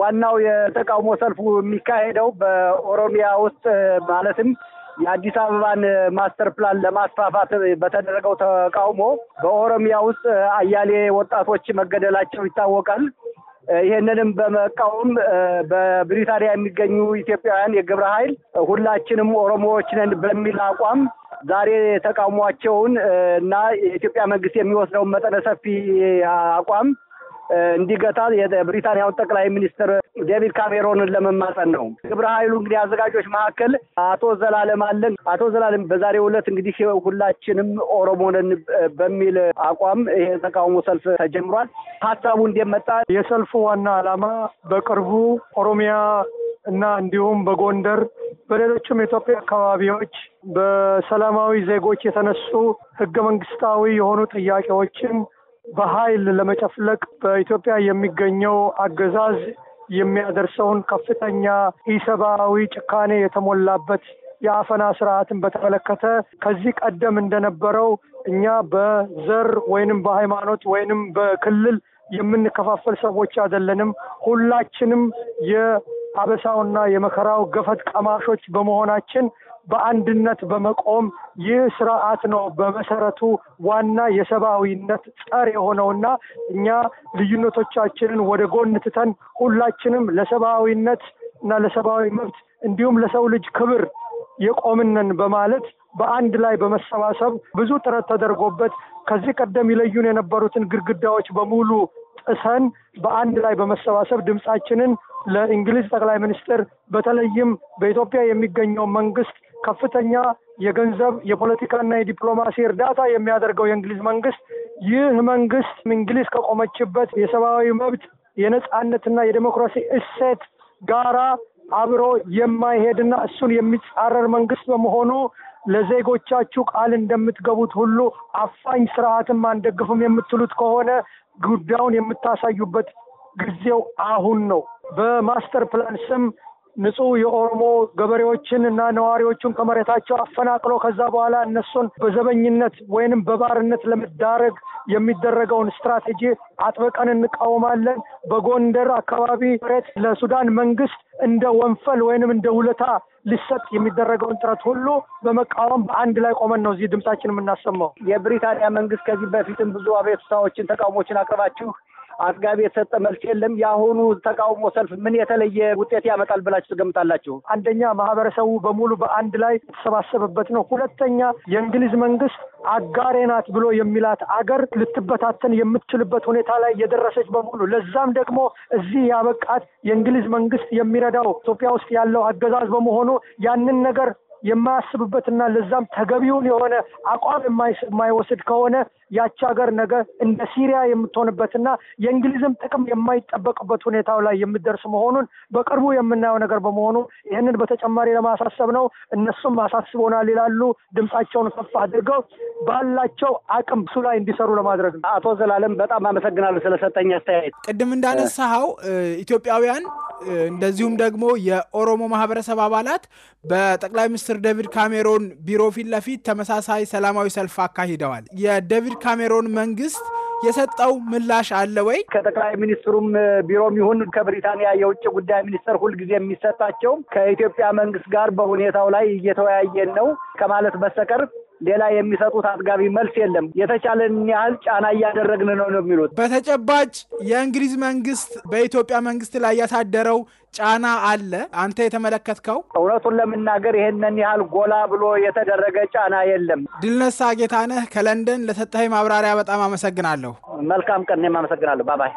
ዋናው የተቃውሞ ሰልፉ የሚካሄደው በኦሮሚያ ውስጥ ማለትም የአዲስ አበባን ማስተር ፕላን ለማስፋፋት በተደረገው ተቃውሞ በኦሮሚያ ውስጥ አያሌ ወጣቶች መገደላቸው ይታወቃል። ይህንንም በመቃወም በብሪታንያ የሚገኙ ኢትዮጵያውያን የግብረ ኃይል ሁላችንም ኦሮሞዎች ነን በሚል አቋም ዛሬ ተቃውሟቸውን እና የኢትዮጵያ መንግስት የሚወስደውን መጠነ ሰፊ አቋም እንዲገታ የብሪታንያውን ጠቅላይ ሚኒስትር ዴቪድ ካሜሮንን ለመማፀን ነው። ግብረ ኃይሉ እንግዲህ አዘጋጆች መካከል አቶ ዘላለም አለን። አቶ ዘላለም በዛሬው ዕለት እንግዲህ ሁላችንም ኦሮሞ ነን በሚል አቋም ይሄ ተቃውሞ ሰልፍ ተጀምሯል። ሀሳቡ እንደመጣ የሰልፉ ዋና ዓላማ በቅርቡ ኦሮሚያ እና እንዲሁም በጎንደር በሌሎችም የኢትዮጵያ አካባቢዎች በሰላማዊ ዜጎች የተነሱ ህገ መንግስታዊ የሆኑ ጥያቄዎችን በኃይል ለመጨፍለቅ በኢትዮጵያ የሚገኘው አገዛዝ የሚያደርሰውን ከፍተኛ ኢሰብአዊ ጭካኔ የተሞላበት የአፈና ስርዓትን በተመለከተ ከዚህ ቀደም እንደነበረው እኛ በዘር ወይንም በሃይማኖት ወይንም በክልል የምንከፋፈል ሰዎች አይደለንም። ሁላችንም አበሳውና የመከራው ገፈት ቀማሾች በመሆናችን በአንድነት በመቆም ይህ ስርዓት ነው በመሰረቱ ዋና የሰብአዊነት ጸር የሆነውና እኛ ልዩነቶቻችንን ወደ ጎን ትተን ሁላችንም ለሰብአዊነት እና ለሰብአዊ መብት እንዲሁም ለሰው ልጅ ክብር የቆምንን በማለት በአንድ ላይ በመሰባሰብ ብዙ ጥረት ተደርጎበት ከዚህ ቀደም ይለዩን የነበሩትን ግድግዳዎች በሙሉ ጥሰን በአንድ ላይ በመሰባሰብ ድምፃችንን ለእንግሊዝ ጠቅላይ ሚኒስትር በተለይም በኢትዮጵያ የሚገኘው መንግስት ከፍተኛ የገንዘብ የፖለቲካና የዲፕሎማሲ እርዳታ የሚያደርገው የእንግሊዝ መንግስት ይህ መንግስት እንግሊዝ ከቆመችበት የሰብአዊ መብት የነጻነትና የዴሞክራሲ እሴት ጋራ አብሮ የማይሄድና እሱን የሚጻረር መንግስት በመሆኑ ለዜጎቻችሁ ቃል እንደምትገቡት ሁሉ አፋኝ ስርዓትም አንደግፍም የምትሉት ከሆነ ጉዳዩን የምታሳዩበት ጊዜው አሁን ነው። በማስተር ፕላን ስም ንጹህ የኦሮሞ ገበሬዎችን እና ነዋሪዎቹን ከመሬታቸው አፈናቅሎ ከዛ በኋላ እነሱን በዘበኝነት ወይንም በባርነት ለመዳረግ የሚደረገውን ስትራቴጂ አጥብቀን እንቃወማለን። በጎንደር አካባቢ መሬት ለሱዳን መንግስት እንደ ወንፈል ወይንም እንደ ውለታ ሊሰጥ የሚደረገውን ጥረት ሁሉ በመቃወም በአንድ ላይ ቆመን ነው እዚህ ድምጻችን የምናሰማው። የብሪታንያ መንግስት ከዚህ በፊትም ብዙ አቤቱታዎችን፣ ተቃውሞችን አቅርባችሁ አጥጋቢ የተሰጠ መልስ የለም። የአሁኑ ተቃውሞ ሰልፍ ምን የተለየ ውጤት ያመጣል ብላችሁ ትገምታላችሁ? አንደኛ ማህበረሰቡ በሙሉ በአንድ ላይ የተሰባሰበበት ነው። ሁለተኛ የእንግሊዝ መንግስት አጋሬ ናት ብሎ የሚላት አገር ልትበታተን የምትችልበት ሁኔታ ላይ የደረሰች በሙሉ ለዛም ደግሞ እዚህ ያበቃት የእንግሊዝ መንግስት የሚረዳው ኢትዮጵያ ውስጥ ያለው አገዛዝ በመሆኑ ያንን ነገር የማያስብበትና ለዛም ተገቢውን የሆነ አቋም የማይወስድ ከሆነ ያቺ ሀገር ነገ እንደ ሲሪያ የምትሆንበትና የእንግሊዝም ጥቅም የማይጠበቅበት ሁኔታው ላይ የምደርስ መሆኑን በቅርቡ የምናየው ነገር በመሆኑ ይህንን በተጨማሪ ለማሳሰብ ነው። እነሱም አሳስቦናል ይላሉ። ድምፃቸውን ከፍ አድርገው ባላቸው አቅም እሱ ላይ እንዲሰሩ ለማድረግ ነው። አቶ ዘላለም በጣም አመሰግናለሁ ስለሰጠኝ አስተያየት። ቅድም እንዳነሳኸው ኢትዮጵያውያን እንደዚሁም ደግሞ የኦሮሞ ማህበረሰብ አባላት በጠቅላይ ሚኒስትር ሚኒስትር ዴቪድ ካሜሮን ቢሮ ፊት ለፊት ተመሳሳይ ሰላማዊ ሰልፍ አካሂደዋል። የዴቪድ ካሜሮን መንግስት የሰጠው ምላሽ አለ ወይ? ከጠቅላይ ሚኒስትሩም ቢሮም ይሁን ከብሪታንያ የውጭ ጉዳይ ሚኒስትር ሁልጊዜ የሚሰጣቸው ከኢትዮጵያ መንግስት ጋር በሁኔታው ላይ እየተወያየን ነው ከማለት በስተቀር ሌላ የሚሰጡት አጥጋቢ መልስ የለም። የተቻለን ያህል ጫና እያደረግን ነው ነው የሚሉት። በተጨባጭ የእንግሊዝ መንግስት በኢትዮጵያ መንግስት ላይ ያሳደረው ጫና አለ አንተ የተመለከትከው? እውነቱን ለመናገር ይህንን ያህል ጎላ ብሎ የተደረገ ጫና የለም። ድልነሳ ጌታነህ ከለንደን ለሰጠኸኝ ማብራሪያ በጣም አመሰግናለሁ። መልካም ቀን። እኔም አመሰግናለሁ። ባባይ